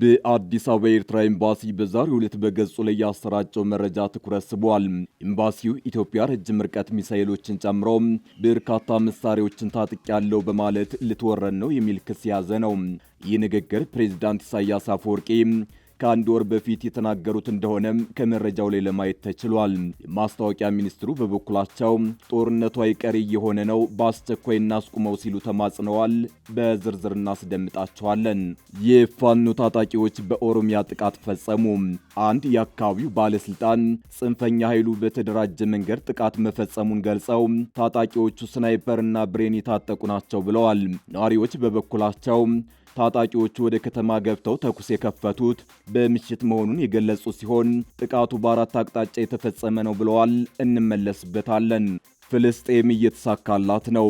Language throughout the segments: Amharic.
በአዲስ አበባ የኤርትራ ኤምባሲ በዛሬው ዕለት በገጹ ላይ ያሰራጨው መረጃ ትኩረት ስቧል። ኤምባሲው ኢትዮጵያ ረጅም ርቀት ሚሳኤሎችን ጨምሮ በርካታ መሳሪያዎችን ያለው በማለት ልትወረን ነው የሚል ክስ የያዘ ነው። ይህ ንግግር ፕሬዚዳንት ኢሳያስ አፈወርቂ ከአንድ ወር በፊት የተናገሩት እንደሆነም ከመረጃው ላይ ለማየት ተችሏል። የማስታወቂያ ሚኒስትሩ በበኩላቸው ጦርነቱ አይቀሬ እየሆነ ነው፣ በአስቸኳይ እናስቁመው ሲሉ ተማጽነዋል። በዝርዝር እናስደምጣቸዋለን። የፋኖ ታጣቂዎች በኦሮሚያ ጥቃት ፈጸሙ። አንድ የአካባቢው ባለስልጣን ጽንፈኛ ኃይሉ በተደራጀ መንገድ ጥቃት መፈጸሙን ገልጸው ታጣቂዎቹ ስናይፐርና ብሬን የታጠቁ ናቸው ብለዋል። ነዋሪዎች በበኩላቸው ታጣቂዎቹ ወደ ከተማ ገብተው ተኩስ የከፈቱት በምሽት መሆኑን የገለጹ ሲሆን ጥቃቱ በአራት አቅጣጫ የተፈጸመ ነው ብለዋል። እንመለስበታለን። ፍልስጤም እየተሳካላት ነው።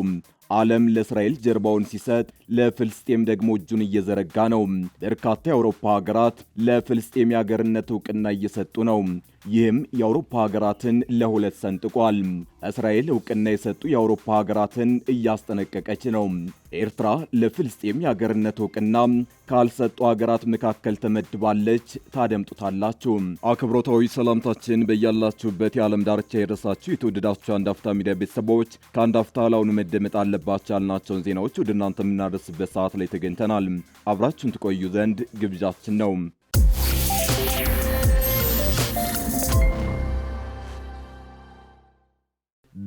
ዓለም ለእስራኤል ጀርባውን ሲሰጥ ለፍልስጤም ደግሞ እጁን እየዘረጋ ነው። በርካታ የአውሮፓ ሀገራት ለፍልስጤም የአገርነት እውቅና እየሰጡ ነው። ይህም የአውሮፓ ሀገራትን ለሁለት ሰንጥቋል። እስራኤል እውቅና የሰጡ የአውሮፓ ሀገራትን እያስጠነቀቀች ነው። ኤርትራ ለፍልስጤም የአገርነት እውቅና ካልሰጡ ሀገራት መካከል ተመድባለች። ታደምጡታላችሁ። አክብሮታዊ ሰላምታችን በያላችሁበት የዓለም ዳርቻ የደረሳችሁ የተወደዳችሁ አንዳፍታ ሚዲያ ቤተሰቦች ከአንዳፍታ አፍታ መደመጥ አለባቸው ያልናቸውን ዜናዎች ወደ እናንተ የምናደርስበት ሰዓት ላይ ተገኝተናል። አብራችሁን ትቆዩ ዘንድ ግብዣችን ነው።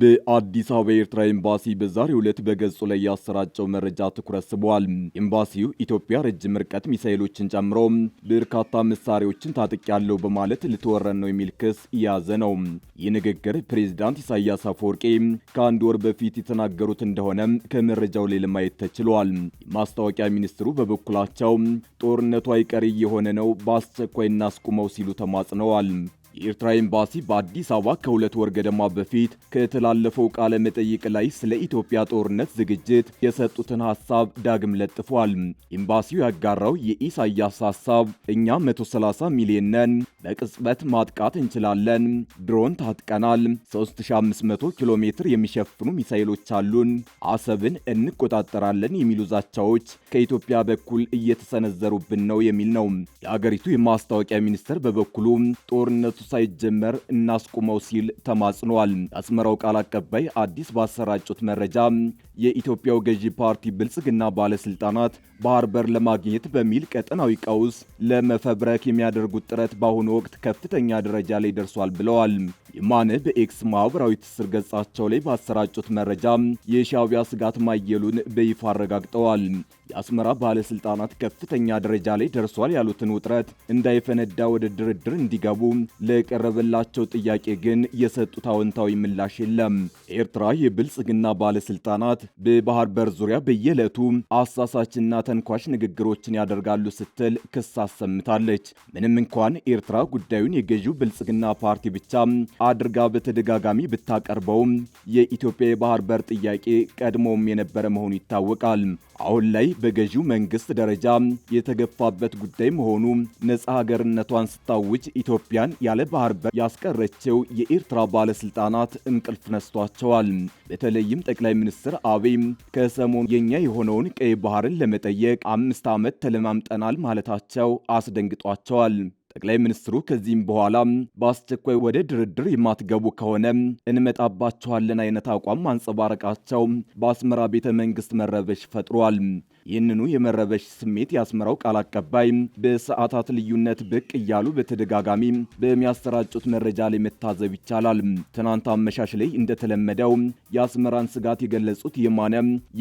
በአዲስ አበባ የኤርትራ ኤምባሲ በዛሬው ዕለት በገጹ ላይ ያሰራጨው መረጃ ትኩረት ስቧል። ኤምባሲው ኢትዮጵያ ረጅም ርቀት ሚሳኤሎችን ጨምሮ በርካታ መሳሪያዎችን ታጥቂያለሁ በማለት ልትወረን ነው የሚል ክስ የያዘ ነው። ይህ ንግግር ፕሬዚዳንት ኢሳያስ አፈወርቂ ከአንድ ወር በፊት የተናገሩት እንደሆነ ከመረጃው ላይ ለማየት ተችሏል። ማስታወቂያ ሚኒስትሩ በበኩላቸው ጦርነቱ አይቀሬ የሆነ ነው፣ በአስቸኳይ እናስቁመው ሲሉ ተማጽነዋል። የኤርትራ ኤምባሲ በአዲስ አበባ ከሁለት ወር ገደማ በፊት ከተላለፈው ቃለ መጠይቅ ላይ ስለ ኢትዮጵያ ጦርነት ዝግጅት የሰጡትን ሐሳብ ዳግም ለጥፏል። ኤምባሲው ያጋራው የኢሳያስ ሐሳብ እኛ 130 ሚሊዮን ነን፣ በቅጽበት ማጥቃት እንችላለን፣ ድሮን ታጥቀናል፣ 3500 ኪሎ ሜትር የሚሸፍኑ ሚሳይሎች አሉን፣ አሰብን እንቆጣጠራለን የሚሉ ዛቻዎች ከኢትዮጵያ በኩል እየተሰነዘሩብን ነው የሚል ነው። የአገሪቱ የማስታወቂያ ሚኒስቴር በበኩሉ ጦርነቱ ሳይጀመር እናስቁመው ሲል ተማጽኗል። የአስመራው ቃል አቀባይ አዲስ ባሰራጩት መረጃ የኢትዮጵያው ገዢ ፓርቲ ብልጽግና ባለስልጣናት ባህር በር ለማግኘት በሚል ቀጠናዊ ቀውስ ለመፈብረክ የሚያደርጉት ጥረት በአሁኑ ወቅት ከፍተኛ ደረጃ ላይ ደርሷል ብለዋል። የማነ በኤክስ ማኅበራዊ ትስስር ገጻቸው ላይ ባሰራጩት መረጃ የሻቢያ ስጋት ማየሉን በይፋ አረጋግጠዋል። የአስመራ ባለሥልጣናት ከፍተኛ ደረጃ ላይ ደርሷል ያሉትን ውጥረት እንዳይፈነዳ ወደ ድርድር እንዲገቡ ለቀረበላቸው ጥያቄ ግን የሰጡት አዎንታዊ ምላሽ የለም። ኤርትራ የብልጽግና ባለሥልጣናት በባህር በር ዙሪያ በየዕለቱ አሳሳችና ተንኳሽ ንግግሮችን ያደርጋሉ ስትል ክስ አሰምታለች። ምንም እንኳን ኤርትራ ጉዳዩን የገዢው ብልጽግና ፓርቲ ብቻ አድርጋ በተደጋጋሚ ብታቀርበውም የኢትዮጵያ የባህር በር ጥያቄ ቀድሞውም የነበረ መሆኑ ይታወቃል። አሁን ላይ በገዢው መንግስት ደረጃ የተገፋበት ጉዳይ መሆኑ ነጻ ሀገርነቷን ስታውጅ ኢትዮጵያን ያለ ባህር በር ያስቀረችው የኤርትራ ባለስልጣናት እንቅልፍ ነስቷቸዋል። በተለይም ጠቅላይ ሚኒስትር አብይ ከሰሞኑ የኛ የሆነውን ቀይ ባህርን ለመጠየቅ አምስት ዓመት ተለማምጠናል ማለታቸው አስደንግጧቸዋል። ጠቅላይ ሚኒስትሩ ከዚህም በኋላ በአስቸኳይ ወደ ድርድር የማትገቡ ከሆነ እንመጣባቸዋለን አይነት አቋም አንጸባረቃቸው በአስመራ ቤተ መንግስት መረበሽ ፈጥሯል። ይህንኑ የመረበሽ ስሜት የአስመራው ቃል አቀባይ በሰዓታት ልዩነት ብቅ እያሉ በተደጋጋሚ በሚያሰራጩት መረጃ ላይ መታዘብ ይቻላል። ትናንት አመሻሽ ላይ እንደተለመደው የአስመራን ስጋት የገለጹት የማነ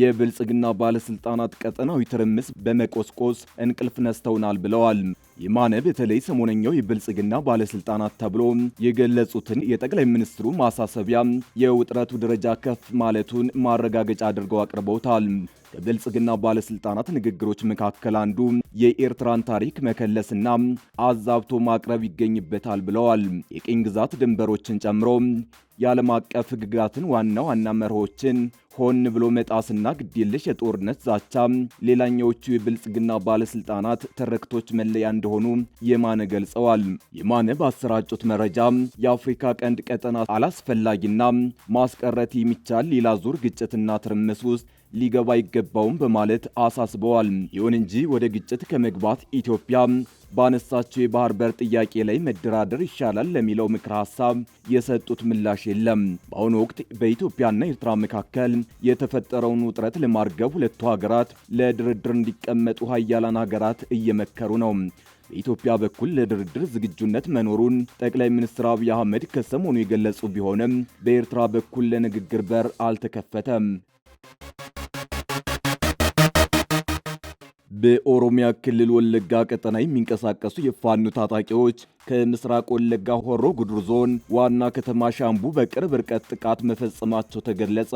የብልጽግና ባለስልጣናት ቀጠናዊ ትርምስ በመቆስቆስ እንቅልፍ ነስተውናል ብለዋል። የማነ በተለይ ሰሞነኛው የብልጽግና ባለስልጣናት ተብሎ የገለጹትን የጠቅላይ ሚኒስትሩ ማሳሰቢያ የውጥረቱ ደረጃ ከፍ ማለቱን ማረጋገጫ አድርገው አቅርበውታል። ከብልጽግና ባለስልጣናት ንግግሮች መካከል አንዱ የኤርትራን ታሪክ መከለስና አዛብቶ ማቅረብ ይገኝበታል ብለዋል። የቅኝ ግዛት ድንበሮችን ጨምሮ የዓለም አቀፍ ሕግጋትን ዋና ዋና መርሆችን ሆን ብሎ መጣስና ግዴለሽ የጦርነት ዛቻ ሌላኛዎቹ የብልጽግና ባለስልጣናት ትርክቶች መለያ እንደሆኑ የማነ ገልጸዋል። የማነ ባሰራጩት መረጃ የአፍሪካ ቀንድ ቀጠና አላስፈላጊና ማስቀረት የሚቻል ሌላ ዙር ግጭትና ትርምስ ውስጥ ሊገባ አይገባውም በማለት አሳስበዋል። ይሁን እንጂ ወደ ግጭት ከመግባት ኢትዮጵያ ባነሳቸው የባህር በር ጥያቄ ላይ መደራደር ይሻላል ለሚለው ምክረ ሀሳብ የሰጡት ምላሽ የለም። በአሁኑ ወቅት በኢትዮጵያና ኤርትራ መካከል የተፈጠረውን ውጥረት ለማርገብ ሁለቱ ሀገራት ለድርድር እንዲቀመጡ ሀያላን ሀገራት እየመከሩ ነው። በኢትዮጵያ በኩል ለድርድር ዝግጁነት መኖሩን ጠቅላይ ሚኒስትር አብይ አህመድ ከሰሞኑ የገለጹ ቢሆንም በኤርትራ በኩል ለንግግር በር አልተከፈተም። በኦሮሚያ ክልል ወለጋ ቀጠና የሚንቀሳቀሱ የፋኑ ታጣቂዎች ከምስራቅ ወለጋ ሆሮ ጉድሩ ዞን ዋና ከተማ ሻምቡ በቅርብ ርቀት ጥቃት መፈጸማቸው ተገለጸ።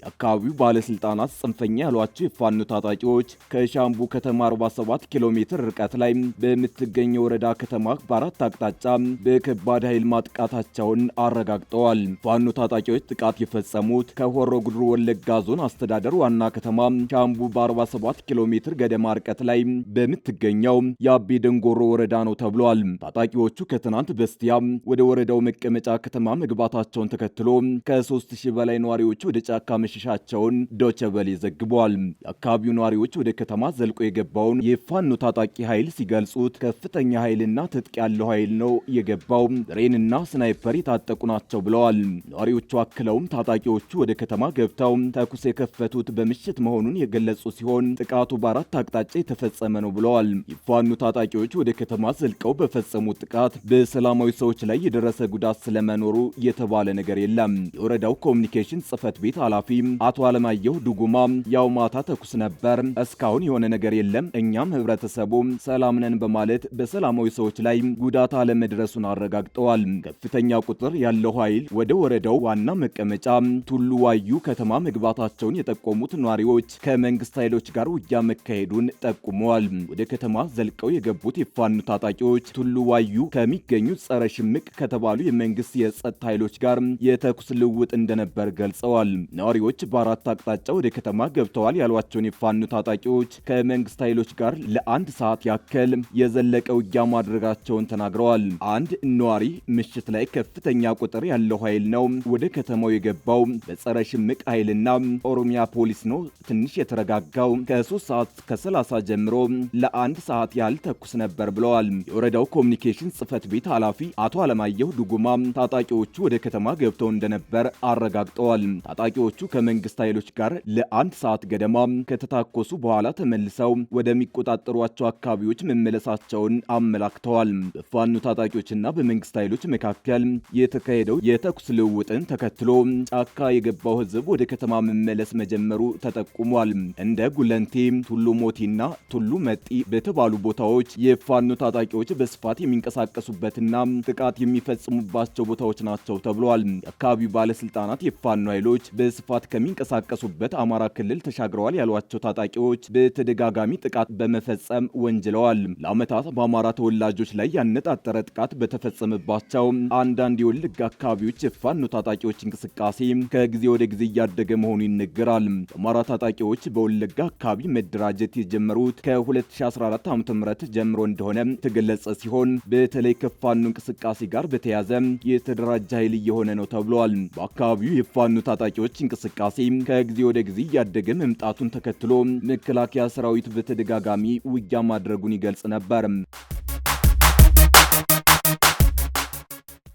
የአካባቢው ባለስልጣናት ጽንፈኛ ያሏቸው የፋኖ ታጣቂዎች ከሻምቡ ከተማ 47 ኪሎ ሜትር ርቀት ላይ በምትገኘ ወረዳ ከተማ በአራት አቅጣጫ በከባድ ኃይል ማጥቃታቸውን አረጋግጠዋል። ፋኖ ታጣቂዎች ጥቃት የፈጸሙት ከሆሮ ጉድሩ ወለጋ ዞን አስተዳደር ዋና ከተማ ሻምቡ በ47 ኪሎ ሜትር ገደማ ርቀት ላይ በምትገኘው የአቤ ደንጎሮ ወረዳ ነው ተብሏል። ታጣቂዎቹ ኃይሎቹ ከትናንት በስቲያ ወደ ወረዳው መቀመጫ ከተማ መግባታቸውን ተከትሎ ከሦስት ሺህ በላይ ነዋሪዎች ወደ ጫካ መሸሻቸውን ዶቸበሌ ዘግቧል። የአካባቢው ነዋሪዎች ወደ ከተማ ዘልቆ የገባውን የፋኖ ታጣቂ ኃይል ሲገልጹት ከፍተኛ ኃይልና ትጥቅ ያለው ኃይል ነው የገባው፣ ሬንና ስናይፐር የታጠቁ ናቸው ብለዋል። ነዋሪዎቹ አክለውም ታጣቂዎቹ ወደ ከተማ ገብተው ተኩስ የከፈቱት በምሽት መሆኑን የገለጹ ሲሆን ጥቃቱ በአራት አቅጣጫ የተፈጸመ ነው ብለዋል። የፋኖ ታጣቂዎች ወደ ከተማ ዘልቀው በፈጸሙት ጥቃት በሰላማዊ ሰዎች ላይ የደረሰ ጉዳት ስለመኖሩ የተባለ ነገር የለም። የወረዳው ኮሚኒኬሽን ጽህፈት ቤት ኃላፊ አቶ አለማየሁ ዱጉማ ያው ማታ ተኩስ ነበር፣ እስካሁን የሆነ ነገር የለም። እኛም ህብረተሰቡ ሰላም ነን በማለት በሰላማዊ ሰዎች ላይ ጉዳት አለመድረሱን አረጋግጠዋል። ከፍተኛ ቁጥር ያለው ኃይል ወደ ወረዳው ዋና መቀመጫ ቱሉ ዋዩ ከተማ መግባታቸውን የጠቆሙት ነዋሪዎች ከመንግስት ኃይሎች ጋር ውጊያ መካሄዱን ጠቁመዋል። ወደ ከተማ ዘልቀው የገቡት የፋኑ ታጣቂዎች ቱሉ ዋዩ ከሚገኙት ጸረ ሽምቅ ከተባሉ የመንግስት የጸጥታ ኃይሎች ጋር የተኩስ ልውውጥ እንደነበር ገልጸዋል። ነዋሪዎች በአራት አቅጣጫ ወደ ከተማ ገብተዋል ያሏቸውን የፋኑ ታጣቂዎች ከመንግስት ኃይሎች ጋር ለአንድ ሰዓት ያክል የዘለቀ ውጊያ ማድረጋቸውን ተናግረዋል። አንድ ነዋሪ ምሽት ላይ ከፍተኛ ቁጥር ያለው ኃይል ነው ወደ ከተማው የገባው በጸረ ሽምቅ ኃይልና ኦሮሚያ ፖሊስ ነው። ትንሽ የተረጋጋው ከሶስት ሰዓት ከሰላሳ ጀምሮ ለአንድ ሰዓት ያህል ተኩስ ነበር ብለዋል። የወረዳው ኮሚኒኬሽን ጽህፈት ቤት ኃላፊ አቶ አለማየሁ ዱጉማ ታጣቂዎቹ ወደ ከተማ ገብተው እንደነበር አረጋግጠዋል። ታጣቂዎቹ ከመንግስት ኃይሎች ጋር ለአንድ ሰዓት ገደማ ከተታኮሱ በኋላ ተመልሰው ወደሚቆጣጠሯቸው አካባቢዎች መመለሳቸውን አመላክተዋል። በፋኑ ታጣቂዎችና በመንግስት ኃይሎች መካከል የተካሄደው የተኩስ ልውውጥን ተከትሎ ጫካ የገባው ህዝብ ወደ ከተማ መመለስ መጀመሩ ተጠቁሟል። እንደ ጉለንቴ፣ ቱሉ ሞቲና ቱሉ መጢ በተባሉ ቦታዎች የፋኑ ታጣቂዎች በስፋት የሚንቀሳ የሚንቀሳቀሱበትና ጥቃት የሚፈጽሙባቸው ቦታዎች ናቸው ተብሏል። የአካባቢው ባለስልጣናት የፋኖ ኃይሎች በስፋት ከሚንቀሳቀሱበት አማራ ክልል ተሻግረዋል ያሏቸው ታጣቂዎች በተደጋጋሚ ጥቃት በመፈጸም ወንጅለዋል። ለአመታት በአማራ ተወላጆች ላይ ያነጣጠረ ጥቃት በተፈጸመባቸው አንዳንድ የወለጋ አካባቢዎች የፋኖ ታጣቂዎች እንቅስቃሴ ከጊዜ ወደ ጊዜ እያደገ መሆኑ ይነገራል። የአማራ ታጣቂዎች በወለጋ አካባቢ መደራጀት የጀመሩት ከ2014 ዓ.ም ጀምሮ እንደሆነ ተገለጸ ሲሆን በተለይ ከፋኑ እንቅስቃሴ ጋር በተያያዘ የተደራጀ ኃይል እየሆነ ነው ተብሏል። በአካባቢው የፋኑ ታጣቂዎች እንቅስቃሴ ከጊዜ ወደ ጊዜ እያደገ መምጣቱን ተከትሎ መከላከያ ሰራዊት በተደጋጋሚ ውጊያ ማድረጉን ይገልጽ ነበር።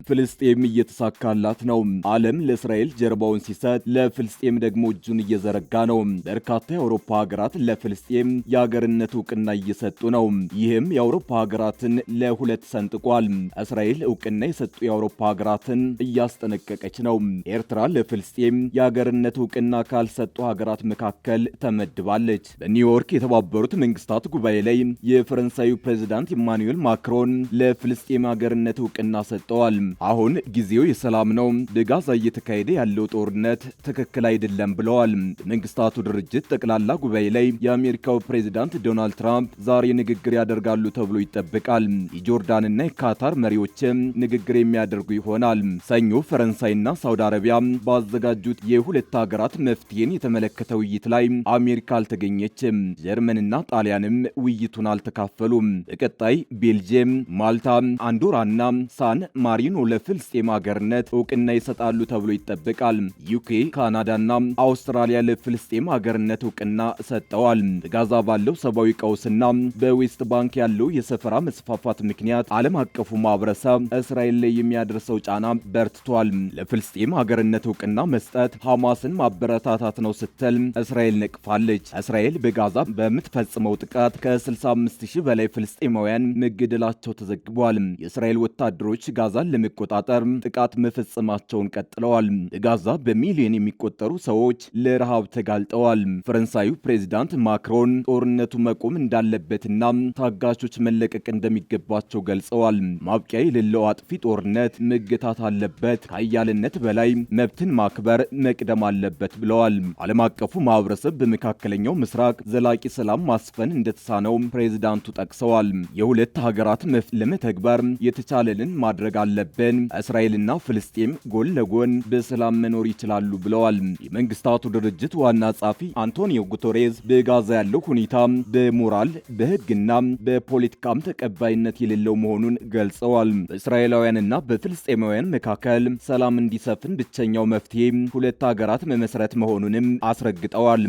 ፍልስጤም እየተሳካላት ነው። ዓለም ለእስራኤል ጀርባውን ሲሰጥ ለፍልስጤም ደግሞ እጁን እየዘረጋ ነው። በርካታ የአውሮፓ ሀገራት ለፍልስጤም የሀገርነት እውቅና እየሰጡ ነው። ይህም የአውሮፓ ሀገራትን ለሁለት ሰንጥቋል። እስራኤል እውቅና የሰጡ የአውሮፓ ሀገራትን እያስጠነቀቀች ነው። ኤርትራ ለፍልስጤም የሀገርነት እውቅና ካልሰጡ ሀገራት መካከል ተመድባለች። በኒውዮርክ የተባበሩት መንግስታት ጉባኤ ላይ የፈረንሳዩ ፕሬዚዳንት ኢማኑኤል ማክሮን ለፍልስጤም አገርነት እውቅና ሰጠዋል። አሁን ጊዜው የሰላም ነው፣ በጋዛ እየተካሄደ ያለው ጦርነት ትክክል አይደለም ብለዋል። መንግስታቱ ድርጅት ጠቅላላ ጉባኤ ላይ የአሜሪካው ፕሬዚዳንት ዶናልድ ትራምፕ ዛሬ ንግግር ያደርጋሉ ተብሎ ይጠበቃል። የጆርዳንና የካታር መሪዎችም ንግግር የሚያደርጉ ይሆናል። ሰኞ ፈረንሳይና ሳውዲ አረቢያ ባዘጋጁት የሁለት ሀገራት መፍትሄን የተመለከተ ውይይት ላይ አሜሪካ አልተገኘችም። ጀርመንና ጣሊያንም ውይይቱን አልተካፈሉም። በቀጣይ ቤልጅየም፣ ማልታ፣ አንዶራና ሳን ማሪኖ ለፍልስጤም ሀገርነት እውቅና ይሰጣሉ ተብሎ ይጠበቃል። ዩኬ፣ ካናዳና አውስትራሊያ ለፍልስጤም ሀገርነት እውቅና ሰጠዋል። በጋዛ ባለው ሰብአዊ ቀውስና በዌስት ባንክ ያለው የሰፈራ መስፋፋት ምክንያት ዓለም አቀፉ ማህበረሰብ እስራኤል ላይ የሚያደርሰው ጫና በርትቷል። ለፍልስጤም ሀገርነት እውቅና መስጠት ሐማስን ማበረታታት ነው ስትል እስራኤል ነቅፋለች። እስራኤል በጋዛ በምትፈጽመው ጥቃት ከ65 ሺህ በላይ ፍልስጤማውያን መገደላቸው ተዘግቧል። የእስራኤል ወታደሮች ጋዛን ለመ ለመቆጣጠር ጥቃት መፈጸማቸውን ቀጥለዋል። በጋዛ በሚሊዮን የሚቆጠሩ ሰዎች ለረሃብ ተጋልጠዋል። ፈረንሳዩ ፕሬዚዳንት ማክሮን ጦርነቱ መቆም እንዳለበትና ታጋቾች መለቀቅ እንደሚገባቸው ገልጸዋል። ማብቂያ የሌለው አጥፊ ጦርነት መገታት አለበት፣ ከአያልነት በላይ መብትን ማክበር መቅደም አለበት ብለዋል። ዓለም አቀፉ ማህበረሰብ በመካከለኛው ምስራቅ ዘላቂ ሰላም ማስፈን እንደተሳነው ፕሬዚዳንቱ ጠቅሰዋል። የሁለት ሀገራት መፍትሔ ለመተግበር የተቻለንን ማድረግ አለበት በማፈን እስራኤልና ፍልስጤም ጎን ለጎን በሰላም መኖር ይችላሉ ብለዋል። የመንግስታቱ ድርጅት ዋና ጸሐፊ አንቶኒዮ ጉተሬዝ በጋዛ ያለው ሁኔታ በሞራል በህግና በፖለቲካም ተቀባይነት የሌለው መሆኑን ገልጸዋል። በእስራኤላውያንና በፍልስጤማውያን መካከል ሰላም እንዲሰፍን ብቸኛው መፍትሄ ሁለት ሀገራት መመስረት መሆኑንም አስረግጠዋል።